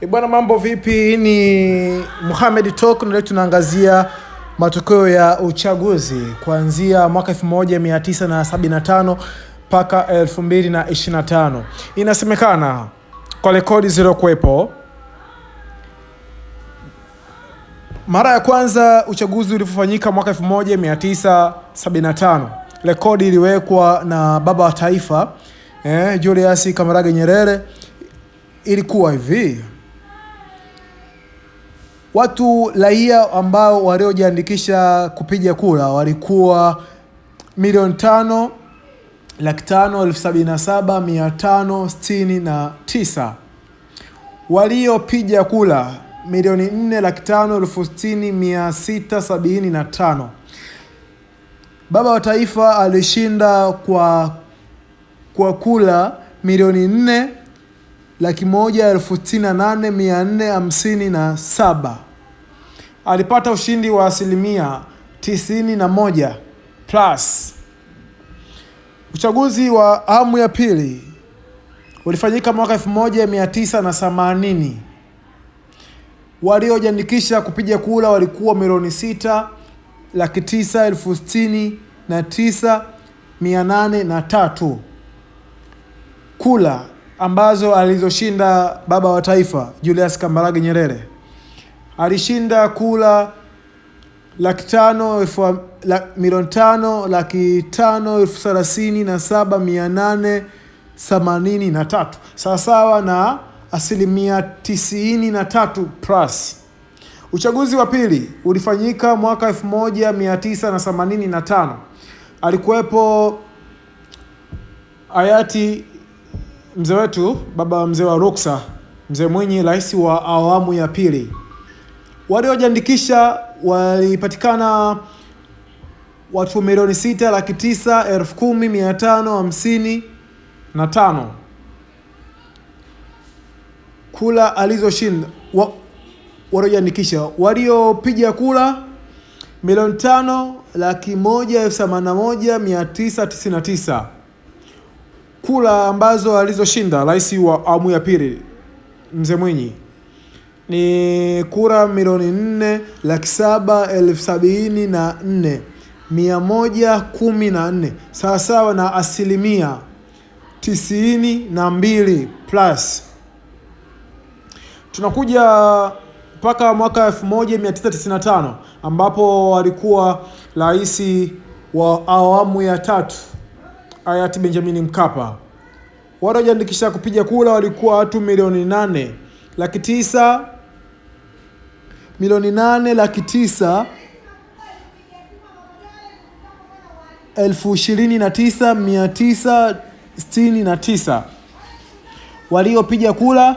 E bwana, mambo vipi? Ni Mohamed Talk na leo tunaangazia matokeo ya uchaguzi kuanzia mwaka 1975 mpaka 2025. Inasemekana kwa rekodi zilizokuwepo, mara ya kwanza uchaguzi ulipofanyika mwaka 1975, rekodi iliwekwa na baba wa taifa eh, Julius Kamarage Nyerere, ilikuwa hivi watu raia ambao waliojiandikisha kupiga kura walikuwa milioni tano laki tano elfu sabini na saba mia tano sitini na tisa waliopiga kura milioni nne laki tano elfu sitini mia sita sabini na tano. Baba wa Taifa alishinda kwa kwa kura milioni nne laki moja elfu sitini na nane mia nne hamsini na saba. Alipata ushindi wa asilimia tisini na moja plus. Uchaguzi wa awamu ya pili ulifanyika mwaka elfu moja mia tisa na themanini. Waliojiandikisha kupiga kura walikuwa milioni sita laki tisa elfu sitini na tisa mia nane na tatu kula ambazo alizoshinda baba wa taifa Julius Kambarage Nyerere. Alishinda kula laki tano la, milioni tano laki tano elfu thelathini na saba mia nane themanini na tatu sawasawa na asilimia tisini na tatu plus. Uchaguzi wa pili ulifanyika mwaka elfu moja mia tisa na na tano Alikuwepo hayati mzee wetu, baba mzee wa Ruksa, mzee Mwinyi, rais wa awamu ya pili, waliojiandikisha walipatikana watu milioni sita laki tisa elfu kumi mia tano hamsini na tano kula alizoshinda waliojiandikisha waliopiga kula milioni tano laki moja elfu themanini na moja mia tisa tisini na tisa kura ambazo alizoshinda rais wa awamu ya pili Mzee Mwinyi ni kura milioni nne laki saba elfu sabini na nne mia moja kumi na nne sawasawa na asilimia tisini na mbili plus. Tunakuja mpaka mwaka tano ambapo alikuwa rais wa awamu ya tatu hayati Benjamin Mkapa. Watu wajiandikisha kupiga kura walikuwa watu milioni nane laki tisa milioni nane laki tisa elfu ishirini na tisa mia tisa sitini na tisa waliopiga kura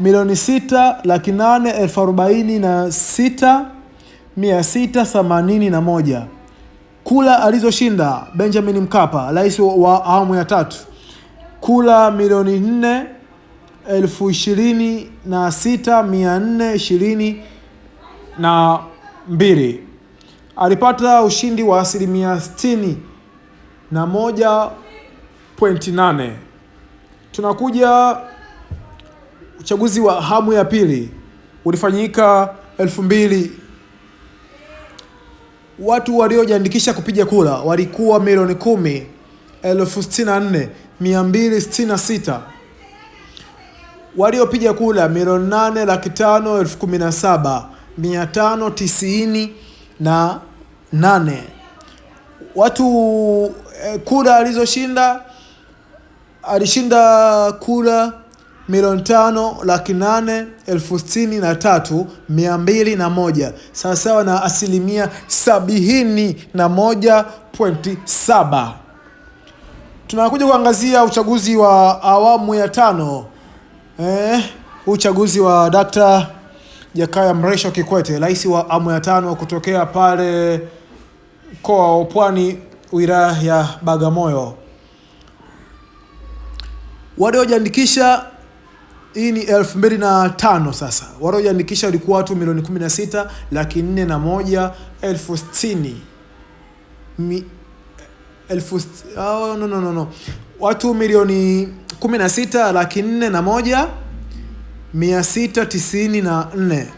milioni sita laki nane elfu arobaini na sita mia sita themanini na moja. Kula alizoshinda Benjamin Mkapa, rais wa awamu ya tatu, kula milioni nne elfu ishirini na sita mia nne ishirini na mbili. Alipata ushindi wa asilimia sitini na moja pointi nane. Tunakuja uchaguzi wa awamu ya pili ulifanyika elfu mbili watu waliojiandikisha kupiga kura walikuwa milioni kumi elfu sitini na nne mia mbili sitini na sita waliopiga kura milioni nane laki tano elfu kumi na saba mia tano tisini na nane watu eh, kura alizoshinda alishinda kura milioni tano laki nane elfu sitini na tatu mia mbili na moja sawasawa na asilimia sabini na moja pointi saba. Tunakuja kuangazia uchaguzi wa awamu ya tano eh, uchaguzi wa Dakta Jakaya Mrisho Kikwete, rais wa awamu ya tano kutokea pale mkoa wa Pwani, wilaya ya Bagamoyo. Waliojiandikisha hii ni elfu mbili na tano sasa, waliojiandikisha walikuwa watu milioni kumi na sita laki nne na moja elfu sitini Mi, elfu, oh, no, no, no, no. Watu milioni kumi na sita laki nne na moja mia sita tisini na nne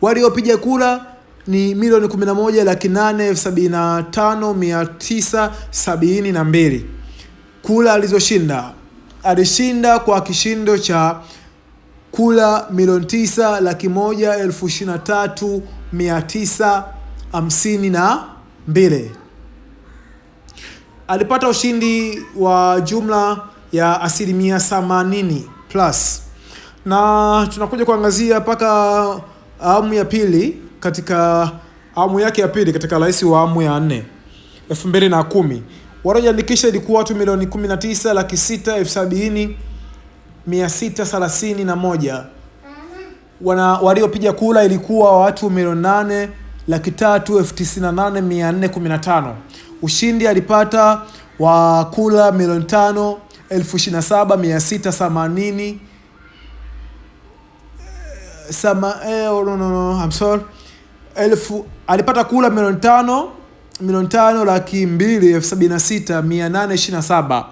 waliopiga kura ni milioni kumi na moja laki nane elfu sabini na tano mia tisa sabini na mbili kura alizoshinda alishinda kwa kishindo cha kula milioni tisa laki moja elfu ishirini na tatu mia tisa hamsini na mbili. Alipata ushindi wa jumla ya asilimia themanini plus, na tunakuja kuangazia mpaka awamu ya pili, katika awamu yake ya pili katika rais wa awamu ya nne elfu mbili na kumi waliojiandikisha ilikuwa watu milioni 19 laki sita elfu sabini na moja. Wana waliopiga kura ilikuwa watu milioni 8 laki tatu elfu Ushindi alipata wa kura milioni 5 elfu ishirini sama, eh, oh, no, no, no, I'm sorry. Elfu alipata kula milioni tano milioni tano laki mbili elfu sabini na sita mia nane ishirini na saba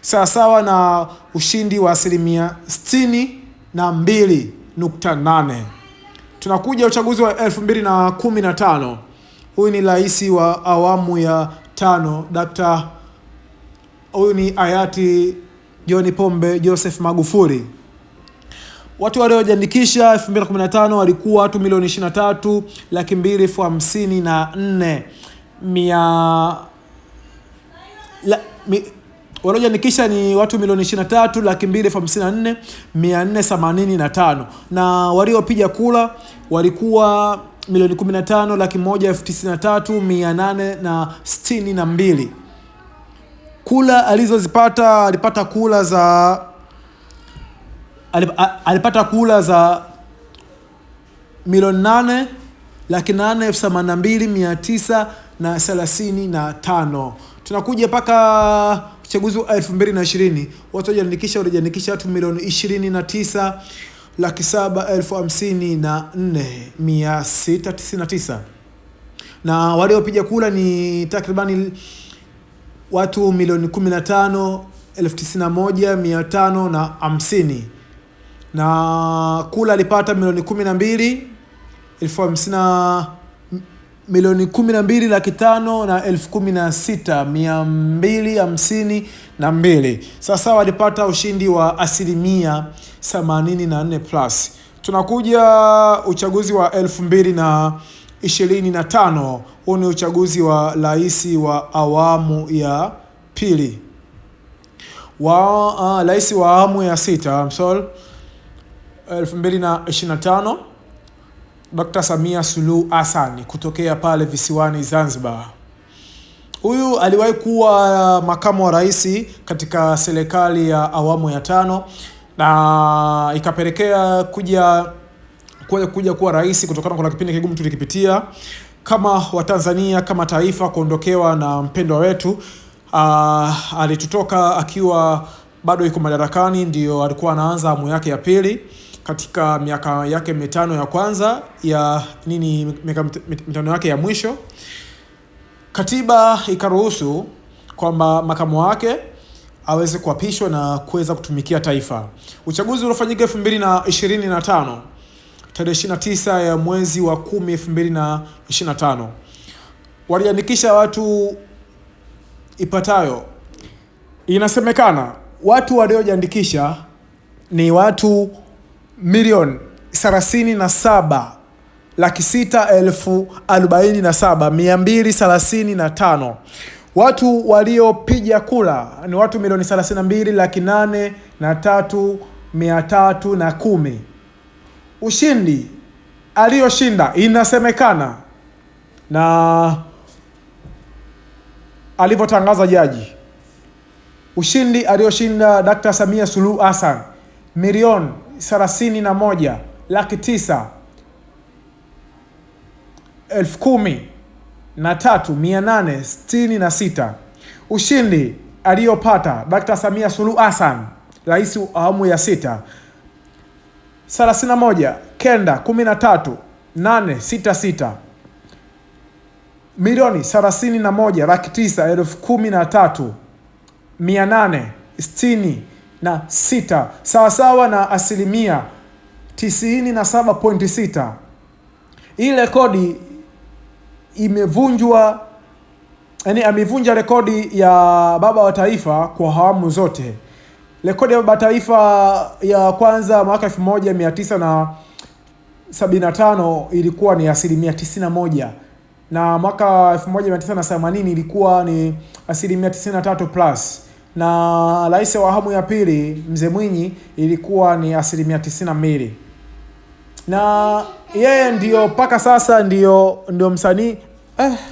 sawasawa na ushindi wa asilimia sitini na mbili nukta nane. Tunakuja uchaguzi wa elfu mbili na kumi na tano. Huyu ni rais wa awamu ya tano dakta huyu ni hayati John Pombe Joseph Magufuli. Watu waliojiandikisha 2015 walikuwa watu milioni 23 laki mbili elfu hamsini na nne mia la, mi, waliojiandikisha ni watu milioni 23 laki mbili elfu hamsini na nne mia nne themanini na tano na waliopiga kura walikuwa milioni 15 laki moja elfu tisini na tatu mia nane na sitini na mbili. Kura alizozipata alipata kura za alipata kura za milioni nane laki nane elfu themanini na mbili mia tisa na thelathini na tano. Tunakuja mpaka uchaguzi wa elfu mbili na ishirini watu wajiandikisha, walijiandikisha watu milioni ishirini na tisa laki saba elfu hamsini na nne mia sita tisini na tisa na waliopiga kura ni takribani watu milioni kumi na tano elfu tisini na moja mia tano na hamsini na kula alipata milioni kumi na mbili elfu hamsini na milioni kumi na mbili laki tano na elfu kumi na sita mia mbili hamsini na mbili. Sasa walipata ushindi wa asilimia na nne plus. Tunakuja uchaguzi wa elfu mbili na ishirini na tano. Huu ni uchaguzi wa rais wa awamu ya pili wa ah, rais uh, wa awamu ya sita elfu mbili na ishirini na tano Dr. Samia Suluhu Hassan kutokea pale visiwani Zanzibar. Huyu aliwahi kuwa makamu wa rais katika serikali ya awamu ya tano na ikapelekea kuja kuja, kuja kuwa rais kutokana kuna kipindi kigumu tulikipitia kama Watanzania kama taifa, kuondokewa na mpendwa wetu. Uh, alitutoka akiwa bado yuko madarakani, ndio alikuwa anaanza amu yake ya pili katika miaka yake mitano ya kwanza ya nini, miaka mitano yake ya mwisho, katiba ikaruhusu kwamba makamu wake aweze kuapishwa na kuweza kutumikia taifa. Uchaguzi uliofanyika elfu mbili na ishirini na tano tarehe ishirini na tisa ya mwezi wa kumi elfu mbili na ishirini na tano waliandikisha watu ipatayo, inasemekana watu waliojiandikisha ni watu milioni thelathini na saba laki sita elfu arobaini na saba mia mbili thelathini na tano. Watu waliopiga kura ni watu milioni thelathini na mbili laki nane na tatu mia tatu na kumi. Ushindi aliyoshinda inasemekana na alivyotangaza jaji, ushindi aliyoshinda Dkt. Samia Suluhu Hassan milioni thelathini na moja laki tisa elfu kumi na tatu mia nane sitini na sita. Ushindi aliyopata Dkt. Samia Suluhu Hassan, rais wa awamu ya sita, na moja kenda kumi na tatu nane sita sita milioni na moja laki tisa elfu kumi na tatu mia nane sitini na sita sawasawa na asilimia tisini na saba pointi sita. Hii rekodi imevunjwa, yani amevunja rekodi ya baba wa taifa kwa hawamu zote. Rekodi ya baba taifa ya kwanza mwaka elfu moja tisa na tano ilikuwa ni asilimia 91 na moja na mwaka 1980 tisa na ilikuwa ni asilimia 93 plus na rais wa awamu ya pili mzee Mwinyi ilikuwa ni asilimia tisini na mbili na yeye ndiyo mpaka sasa ndiyo, ndio msanii eh.